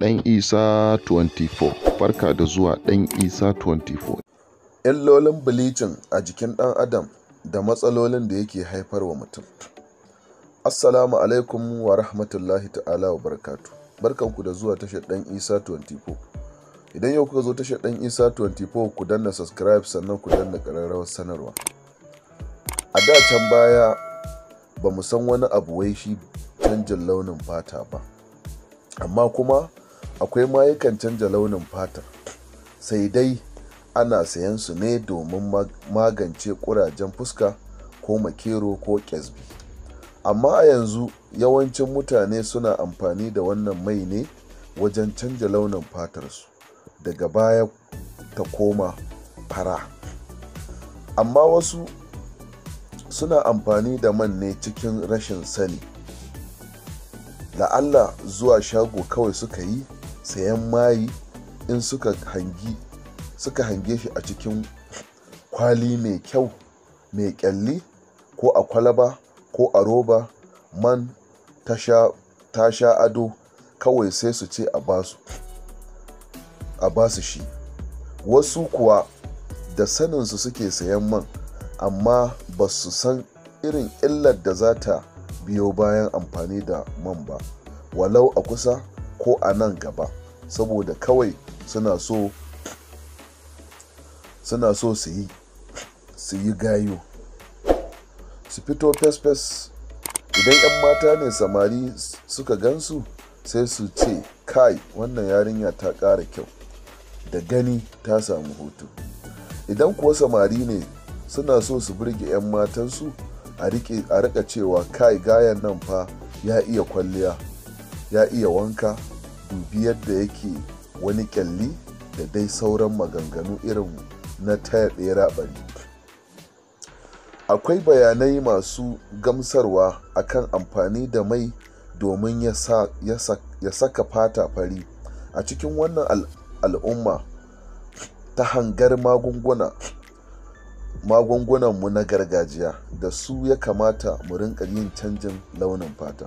Ɗan Isa 24 farka da zuwa Ɗan Isa 24 Illolin bilicin a jikin ɗan Adam da matsalolin da yake haifarwa mutum. Assalamu alaikum wa rahmatullahi ta'ala wa barkatu Barkanku da zuwa tashar ɗan Isa 24. Idan yau kuka zo tashar ɗan Isa 24 ku danna subscribe sannan ku danna ƙararrawar sanarwa. A da can baya ba san wani abu wai shi canjin launin fata ba. Amma kuma akwai mayukan canja launin fatar sai dai ana sayan su ne domin magance kurajen fuska ko makero ko ƙyasbi amma a yanzu yawancin mutane suna amfani da wannan mai ne wajen canja launin fatarsu daga baya ta koma fara amma wasu suna amfani da man ne cikin rashin sani la'alla zuwa shago kawai suka yi sayan mayi in suka hangi suka hange shi a cikin kwali mai kyau mai kyalli ko a kwalaba ko a roba man ta sha ado kawai sai su ce a ba su shi wasu kuwa da saninsu suke sayan man amma ba su san irin illar da za ta biyo bayan amfani da man ba walau a kusa ko a nan gaba saboda kawai suna so suna so su yi su yi gayo su fito fes-fes idan 'yan mata ne samari suka gansu sai su ce kai wannan yarinya ta ƙara kyau da gani ta samu hutu idan kuwa samari ne suna so su burge 'yan matansu a rika cewa kai gayan nan fa ya iya kwalliya ya iya wanka dubi yadda yake wani kyalli da dai sauran maganganu irin na taya ɗaya bari akwai bayanai masu gamsarwa akan amfani da mai domin ya saka fata fari a cikin wannan al'umma ta hangar magunguna magungunanmu na gargajiya da su ya kamata mu rinƙa yin canjin launin fata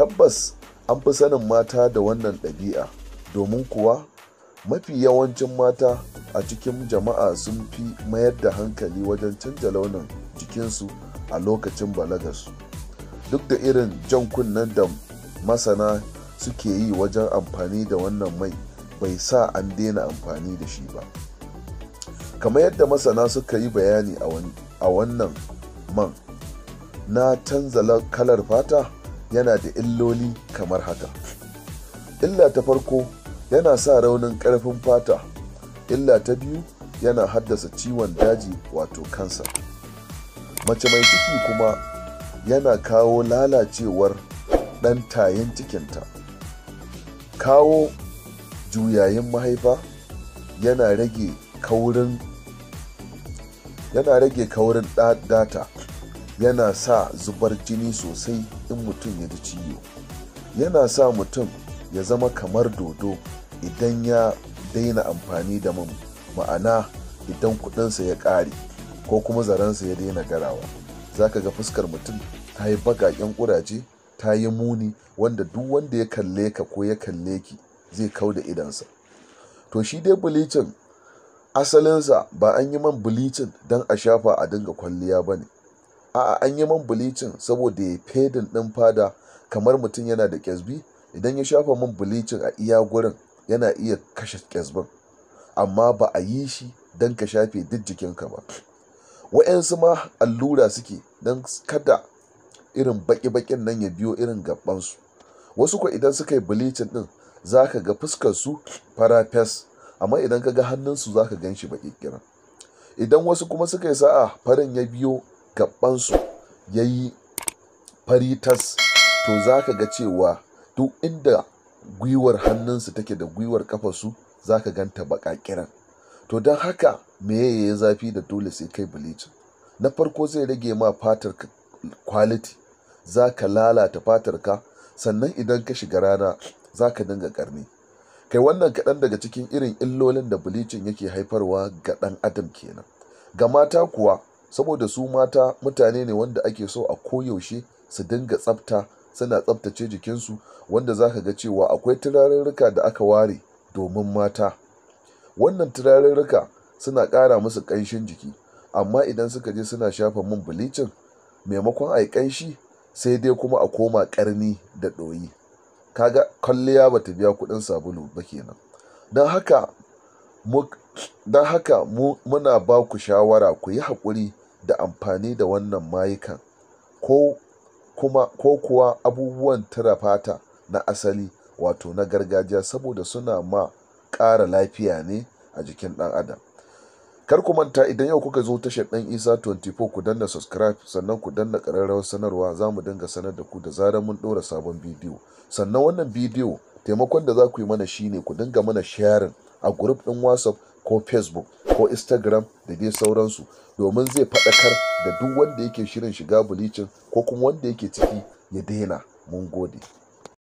tabbas an fi sanin mata da wannan ɗabi'a domin kuwa mafi yawancin mata a cikin jama'a sun fi mayar da hankali wajen canja launin jikinsu a lokacin balagarsu duk da irin jan kunnen da masana suke yi wajen amfani da wannan mai bai sa an daina amfani da shi ba kamar yadda masana suka yi bayani a wannan man na canza kalar fata yana da illoli kamar haka illa ta farko yana sa raunin karfin fata illa ta biyu yana haddasa ciwon daji wato kansa mace mai ciki kuma yana kawo lalacewar ɗan tayin cikinta kawo juyayin mahaifa yana rage kaurin yana rage kaurin data yana sa zubar jini sosai in mutum ya ji ciwo yana sa mutum ya zama kamar dodo idan ya daina amfani da man ma'ana idan kudinsa ya ƙare ko kuma zarensa ya daina garawa za ka ga fuskar mutum ta yi bagaƙen ƙuraje ta yi muni wanda duk wanda ya kalle ka ko ya kalle ki zai kau da idansa to shi dai bilicin asalinsa ba an yi man bilicin don a shafa a dinga kwalliya ba ne a'a an yi man bleaching saboda ya fedin ɗin fada kamar mutum yana da kesbi idan ya shafa man bleaching a iya gurin yana iya kashe ƙyasbin amma ba a yi shi don ka shafe duk jikinka ba wa'yansu ma allura suke don kada irin baƙi-baƙin nan ya biyo irin gabansu wasu ko idan suka yi bleaching ɗin za ka ga fuskarsu fara fes amma idan ka ga hannunsu za ka gan shi idan wasu kuma suka yi sa'a farin ya biyo gabansu ya yi faritas, to za ka ga cewa duk inda gwiwar hannunsu take da gwiwar kafarsu za ka ganta baƙaƙiran to don haka meye ya zafi da dole sai kai bilicin na farko zai rage ma fatar kwaliti za ka lalata fatar ka sannan idan ka shiga rana za ka dinga ƙarni kai wannan kaɗan daga cikin irin illolin da bleaching yake haifarwa ga ɗan adam kenan ga mata kuwa saboda su mata mutane ne wanda ake so a koyaushe su dinga tsafta suna tsaftace jikinsu wanda za ka ga cewa akwai turarurruka da aka ware domin mata wannan turarurruka suna ƙara musu ƙanshin jiki amma idan suka je suna shafa mun bilicin maimakon a yi ƙanshi sai dai kuma a koma ƙarni da ɗoyi kaga kwalliya ba ta biya kuɗin sabulu ba kenan don haka don haka muna ba ku shawara ku yi haƙuri da amfani da wannan mayukan ko kuwa abubuwan tarafata fata na asali wato na gargajiya saboda suna ma ƙara lafiya ne a jikin ɗan adam kar ku manta idan yau kuka zo tashar ɗan isa 24 ku danna subscribe sannan ku danna ƙararrawar sanarwa za mu dinga sanar da ku da zarar mun ɗora sabon bidiyo sannan wannan bidiyo taimakon da za ku yi mana shine ku dinga mana sharing a group ɗin whatsapp ko facebook ko instagram da dai sauransu domin zai faɗakar da duk wanda yake shirin shiga bulicin ko kuma wanda yake ciki ya daina mun gode